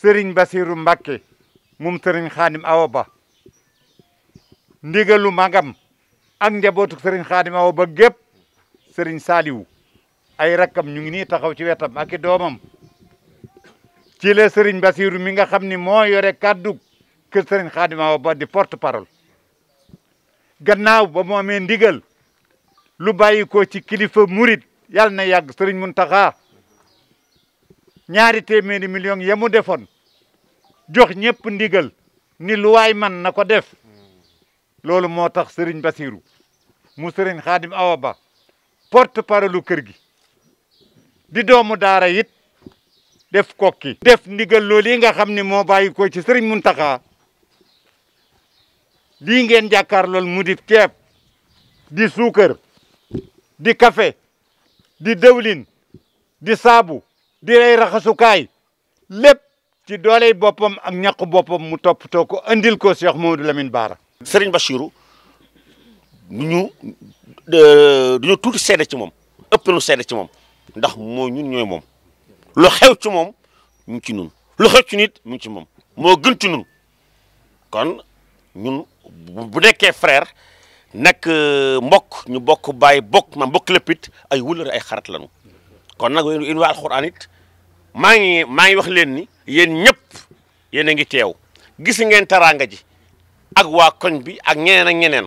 sëriñ basiru Mbàkke moom sëriñ Xaadim Awa Ba ndigalu magam ak njabootu sëriñ Xaadim Awa Ba gépp sëriñ saliw ay rakkam ñu ngi nii taxaw ci wetam ak i doomam ci la sëriñ basiru mi nga xam ni moo yore kàddu kë sëriñ Xaadim Awa di porte parole gannaaw ba mu amee ndigal lu bàyyi ko ci kilifa murit yàlla na yàgg sëriñ Muntaxa ñaari téeméeri million ya mu defon jox ñepp ndigal ni luway man nako def lolu motax serigne basirou mu serigne khadim awaba porte parole keur gi di doomu daara it def kokki def ndigal loli nga xamni mo bayiko ci serigne muntaka li ngeen jakar lol di di suukar di café di dewlin di sabu di rey raxasukaay lépp ci dooley boppam ak ñàqu boppam mu toppatoo ko andil ko Cheikh Mamadou Lamine Bara. Serigne Bachirou ñu duñu tuuti seede ci moom ëpp lu seede ci moom ndax moo ñun ñooy moom lu ci moom mu ngi ci nun lu ci nit mu ngi ci moom moo gën ci nun kon ñun bu nekkee frère nekk euh, mbokk ñu bokk bàyyi bokk ma mbokk lépp ay wëllëre ay xarat lañu kon nak in waa alxuraan it maa ngi ma ngi wax len ni yen ñep yen ngi tew gis ngeen taranga ji ak wa koñ bi ak ñeneen ak ñeneen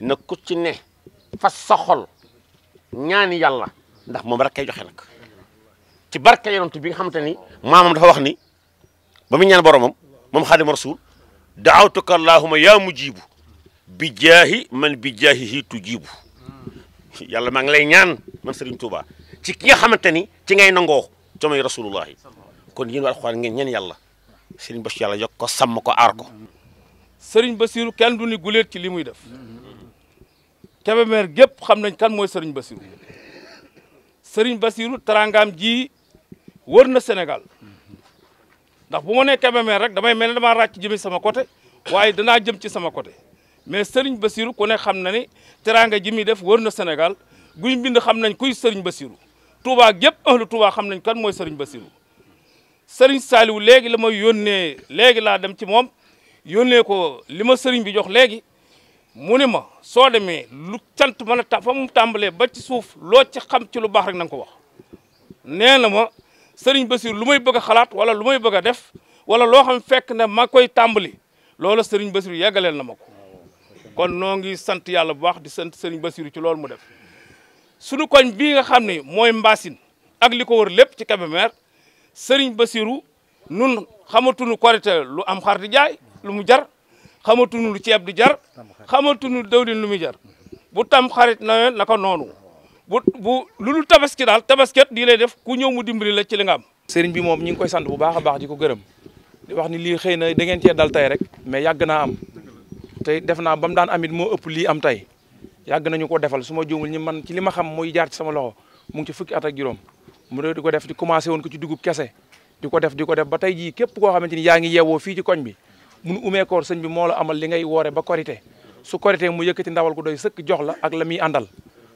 na ku ci ne fas sa ñaani yalla ndax mom rek kay joxe nak ci barke yonent bi nga xamanteni ni dafa wax ni ba ñaan boromam mom khadim rasul daawtuka allahumma ya mujibu bi jahi man bi jahihi tujibu yalla ma ngi lay ñaan man Serigne Touba ci ki nga xamante ni ci ngay nangoo jomay rasulullahi kon yéen waa alxuraan ngeen ñeen yàlla sëriñ Bachir yàlla yokk ko sàmm ko aar sëriñ Bachir kenn du ni guleet ci li muy def Kébémer gépp xam nañ kan mooy sëriñ Bachir sëriñ Bachir ji wër na Sénégal ndax bu ma nee Kébémer rek damay mel ne damaa ràcc jëme sama côté waaye danaa jëm ci sama côté mais sëriñ basiiru ku xam na ne teranga ji muy def wër na Sénégal guy mbind xam nañ kuy sëriñ Bachir. Touba gépp ahlu Touba xam nañ kan mooy Serigne Bassirou sëriñ Saliou léegi la may yónnee léegi laa dem ci moom yónnee ko li ma Serigne bi jox léegi mu ne ma soo demee lu cant ma a ta mu tàmbalee ba ci suuf loo ci xam ci lu baax rek na ko wax nee na ma Serigne Bassirou lu may bëgg xalaat wala lu may bëgg a def wala loo xam fekk ne ma koy tàmbali loolu Serigne Bassirou yeggaleel na ma ko kon noo sant yàlla bu baax di sant Serigne Bassirou ci loolu mu def sunu koñ bii nga xam ne mooy mbaasin ak li ko wër lépp ci Kébémer Serigne Bassirou nun xamatuñu korité lu am xar di jaay lu mu jar xamatuñu lu ceeb di jar xamatuñu dawlin lu muy jar bu tam xarit na naka noonu bu bu lu tabaski daal tabasket di lay def ku ñëw mu dimbali la ci li nga am. Serigne bi moom ñi ngi koy sant bu baax a baax di ko gërëm di wax ni lii xëy na da ngeen cee dal tey rek mais yàgg naa am tey def naa ba mu daan amit moo ëpp lii am tey. yàgg nañu ko defal su ma juumul ñi man ci li ma xam muy jaar ci sama loxo mu ngi ci fukki at ak juróom mu di ko def di commencé woon ko ci dugub kese di ko def di ko def ba tey jii képp koo xamante ni yaa ngi yeewoo fii ci koñ bi mun umee koor sëñ bi moo la amal li ngay woore ba korite su korite mu yëkkati ndawal ko doy sëkk jox la ak la muy àndal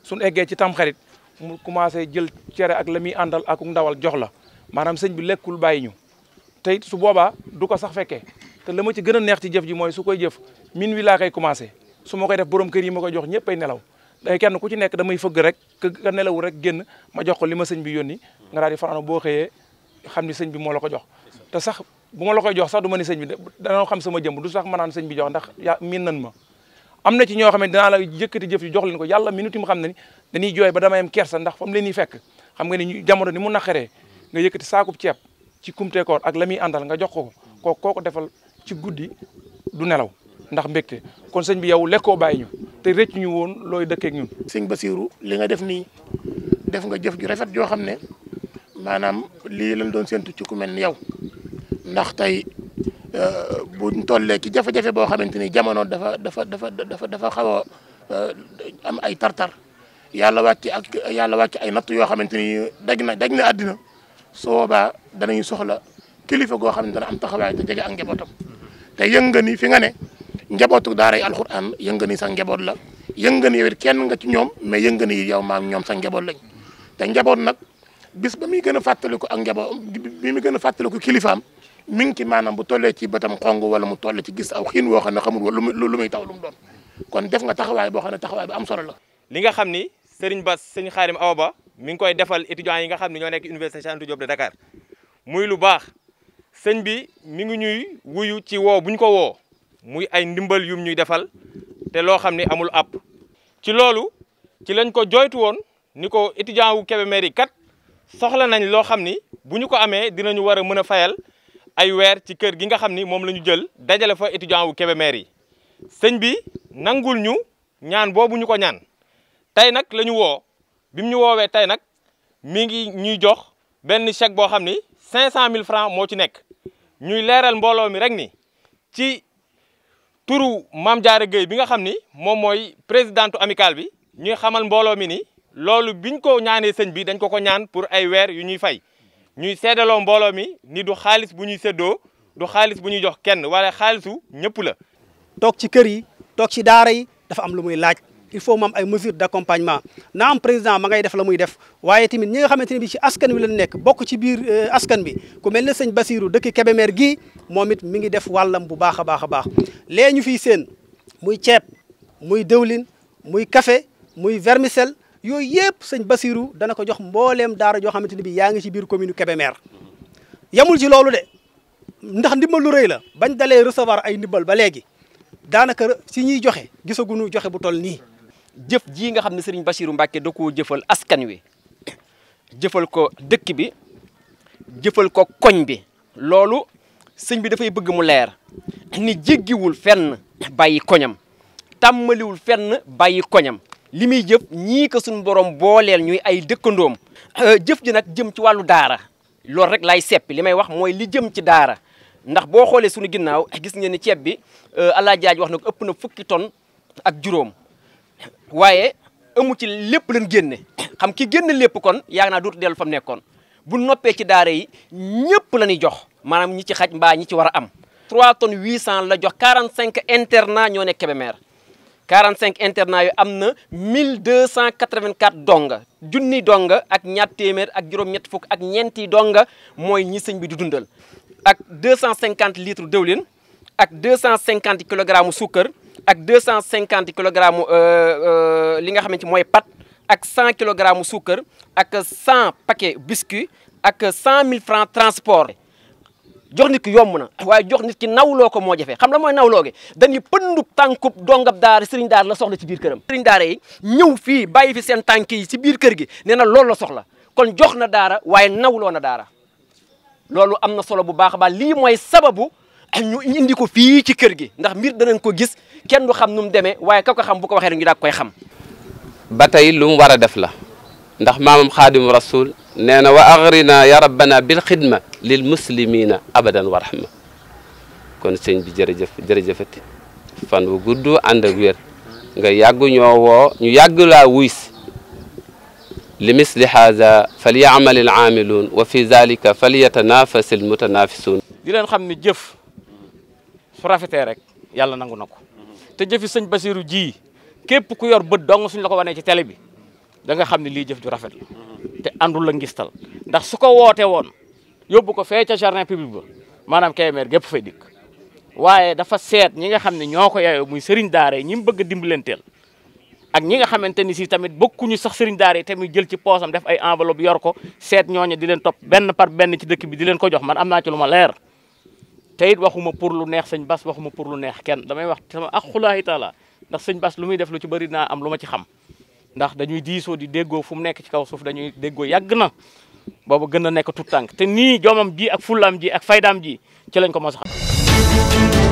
suñ eggee ci tamxarit mu commencé jël cere ak la muy àndal ak ndawal jox la maanaam sëñ bi lekkul bàyyi ñu tey su boobaa du ko sax fekkee te la ma ci gën a neex ci jëf ji mooy su koy jëf min wi koy commencé su ma koy def borom keur yi mako jox ñëpp ay nelaw day kenn ku ci nekk damay feug rek ke nelaw rek genn ma jox ko lima señ bi yoni nga daal di farano bo xeye xamni señ bi mo la ko jox te sax buma la koy jox sax duma ni señ bi na xam sama jëm du sax manan señ bi jox ndax ya, min nan ma amna ci ño xam ne dinaa la jëkëti jëf ji jox leen ko yalla minuti mu xam ne ni dañuy jooy ba dama am kersa ndax fam leen ni fekk xam nga ni jamono ni mu naqaree nga yëkkati saakub ciep ci kumte koor ak la andal nga jox ko ko kooku defal ci guddii du nelaw ndax mbégte kon sëñ bi yow lekkoo bàyyi ñu te rëcc ñu woon looy dëkkeek ñun. sëñ Basiiru li nga def nii def nga jëf ju rafet joo xam ne maanaam lii lañ doon séntu ci ku mel ni yow ndax tey eh, buñ tollee ci jafe-jafe boo xamante ni jamono dafa dafa dafa dafa dafa xaw a eh, am ay tartar yàlla wàcc ak yàlla wàcc ay natt yoo xamante ni daj na daj na àddina su boobaa soxla kilifa goo xam ne dana am taxawaay te jege ak njabootam te yënga fi nga ne. njabootu daaray alxuraan yëngani sa njaboot la yëngani yow it kenn nga ci ñoom mais yëngani yow maam ñoom sa njaboot lañ te njaboot nag bis ba muy gën a fàttaliku ak njaboot bi muy gën a fàttaliku kilifaam mi ngi ci maanaam bu tollee ci bëtam xong wala mu tolle ci gis aw xiin xam ne xamul wala lu muy taw lu mu doon kon def nga taxawaay boo xam ne taxawaay bu am solo la. li nga xam ni Serigne Bass Serigne Xaarim Awa Ba mi ngi koy defal étudiants yi nga xam ne ñoo nekk université Cheikh Anta Diop muy lu baax sëñ bi mi ngi ñuy wuyu ci woo buñ ko woo muy ay ndimbal yum ñuy defal te loo xam ni amul ab ci loolu ci lañ ko joytu woon ni ko étudiant wu Kébémer yi kat soxla nañ loo xam ni bu ñu ko amee dinañu war a mën a fayal ay weer ci kër gi nga xam ni moom la ñu jël dajale fa étudiant wu Kébémer yi sëñ bi nangul ñu ñaan boobu ñu ko ñaan tey nag la ñu woo bi mu ñu woowee tey nag mi ngi ñuy jox benn chèque boo xam ni mille francs moo ci nekk ñuy leeral mbooloo mi rek ni ci turu maam Diarra Gueye bi nga xam ni moom mooy présidente amicale bi ñuy xamal mbooloo mi ni loolu biñ ko ñaanee sëñ bi dañ ko ko ñaan pour ay weer yu ñuy fay ñuy seedaloo mbooloo mi ni du xaalis bu ñuy seddoo du xaalis bu ñuy jox kenn wala xaalisu ñëpp la. toog ci kër yi toog ci daara yi dafa am lu muy laaj. il faut mu am ay mesures d'accompagnement na am président ma ngay def la muy def waaye tamit ñi nga xamante ne bi ci askan wi lañ nekk bokk ci biir euh, askan bi ku mel ne sëñ bassiru dëkk Kébémer gii moom it mi ngi def wàllam bu baax a baax a baax lee ñu fiy seen muy ceeb muy dëwlin muy kafe muy vermicelle yooyu yëpp sëñ bassiru dana ko jox mbooleem daara joo xamante ne bi yaa ngi ci biir commune Kébémer yamul ci loolu de ndax ndimbal lu rëy la bañ dalee recevoir ay ndimbal ba léegi daanaka si ñuy joxe gisaguñu joxe bu toll nii jëf jii nga xam ne Serigne Bassirou Mbacké da koo jëfal askan wi jëfal ko dëkk bi jëfal ko koñ bi loolu sëñ bi dafay bëgg mu leer ni jéggiwul fenn bàyyi koñam tàmmaliwul fenn bàyyi koñam li muy jëf ñii ko suñ borom booleel ñuy ay dëkkandoom euh, jëf ji nag jëm ci wàllu daara loolu rek lay seppi li may wax mooy li jëm ci daara ndax boo xoolee suñu ginnaaw gis ngeen ni ceeb bi euh, alaaji wax na ëpp na fukki ton ak juróom waaye amu ci lépp lañ génne xam ki génne lépp kon yaag naa dootu dellu fa nekkoon bu noppee ci daara yi ñëpp la ñuy jox maanaam ñi ci xaj mbaa ñi ci war a am 3 tonnes 800 la jox 45 internat ñoo nekk Kébémer 45 internat yu am na 1284 donga junni donga ak ñaar téeméer ak juróom-ñett fukk ak ñeenti donga mooy ñi sëñ bi di dundal ak 250 litres dëwlin ak 250 kilogrammes suukar ak deux cent cinquante kilogrammes euh, euh, li nga xamante mooy pâte ak cent kilogrammes suukar ak cent paquet biscuit ak cent mille francs transport jox nit ki yomb na waaye jox nit ki nawloo ko moo jafe xam la mooy nawloo gi dañuy pëndub tànkub dongab daara sëriñ daara la soxla ci biir këram sëriñ daara yi ñëw fii bàyyi fi seen tànk yi ci biir kër gi nee na loolu la soxla kon jox na daara waaye nawloo na daara loolu am na solo bu baax a baax lii mooy sababu ñu indi ko fii ci kër gi ndax mbir danañ ko gis kenn du xam nu mu demee waaye ka ko xam bu ko waxee rek ñu daal koy xam. ba tey lu mu war a def la ndax maamam xaadimu rasul nee na wa agrina ya rabbana bil xidma lil muslimina abadan wa rahma kon sëñ bi jërëjëf jërëjëfati fan bu gudd ànd ak wér nga yàgg ñoo woo ñu yàgg laa wuy si li misli haza fal yaamali al aamiluun wa fi zalika fal yatanafasi al mutanaafisuun di leen xam ne jëf su rafetee rek yàlla nangu na ko te jëfi sëñ Basiiru ji képp ku yor bët dong suñ la ko wanee ci télé bi danga xam ne lii jëf ju rafet la te àndul la ngistal ndax su ko woote woon yóbbu ko fee ca jardin public ba maanaam Kébémer gépp fay dikk waaye dafa seet ñi nga xam ne ñoo ko yayoo muy sëriñ daara ñi mu bëgg a dimbalanteel ak ñi nga xamante ni si tamit ñu sax sëriñ daara te tamit jël ci poosam def ay enveloppe yor ko seet ñooñu di leen topp benn par benn ci dëkk bi di leen ko jox man am naa ci lu ma leer te waxuma pour lu neex sëñ bas waxuma pour lu neex ken damay wax sama akhulahi taala ndax sëñ bas lu muy def lu ci bari na am luma ci xam ndax dañuy diiso di deggo fum nek ci kaw suuf dañuy deggo yàgg na booba gën a tout tank te ni jomam ji ak fulam ji ak faydam ji ci lañ ko mo xam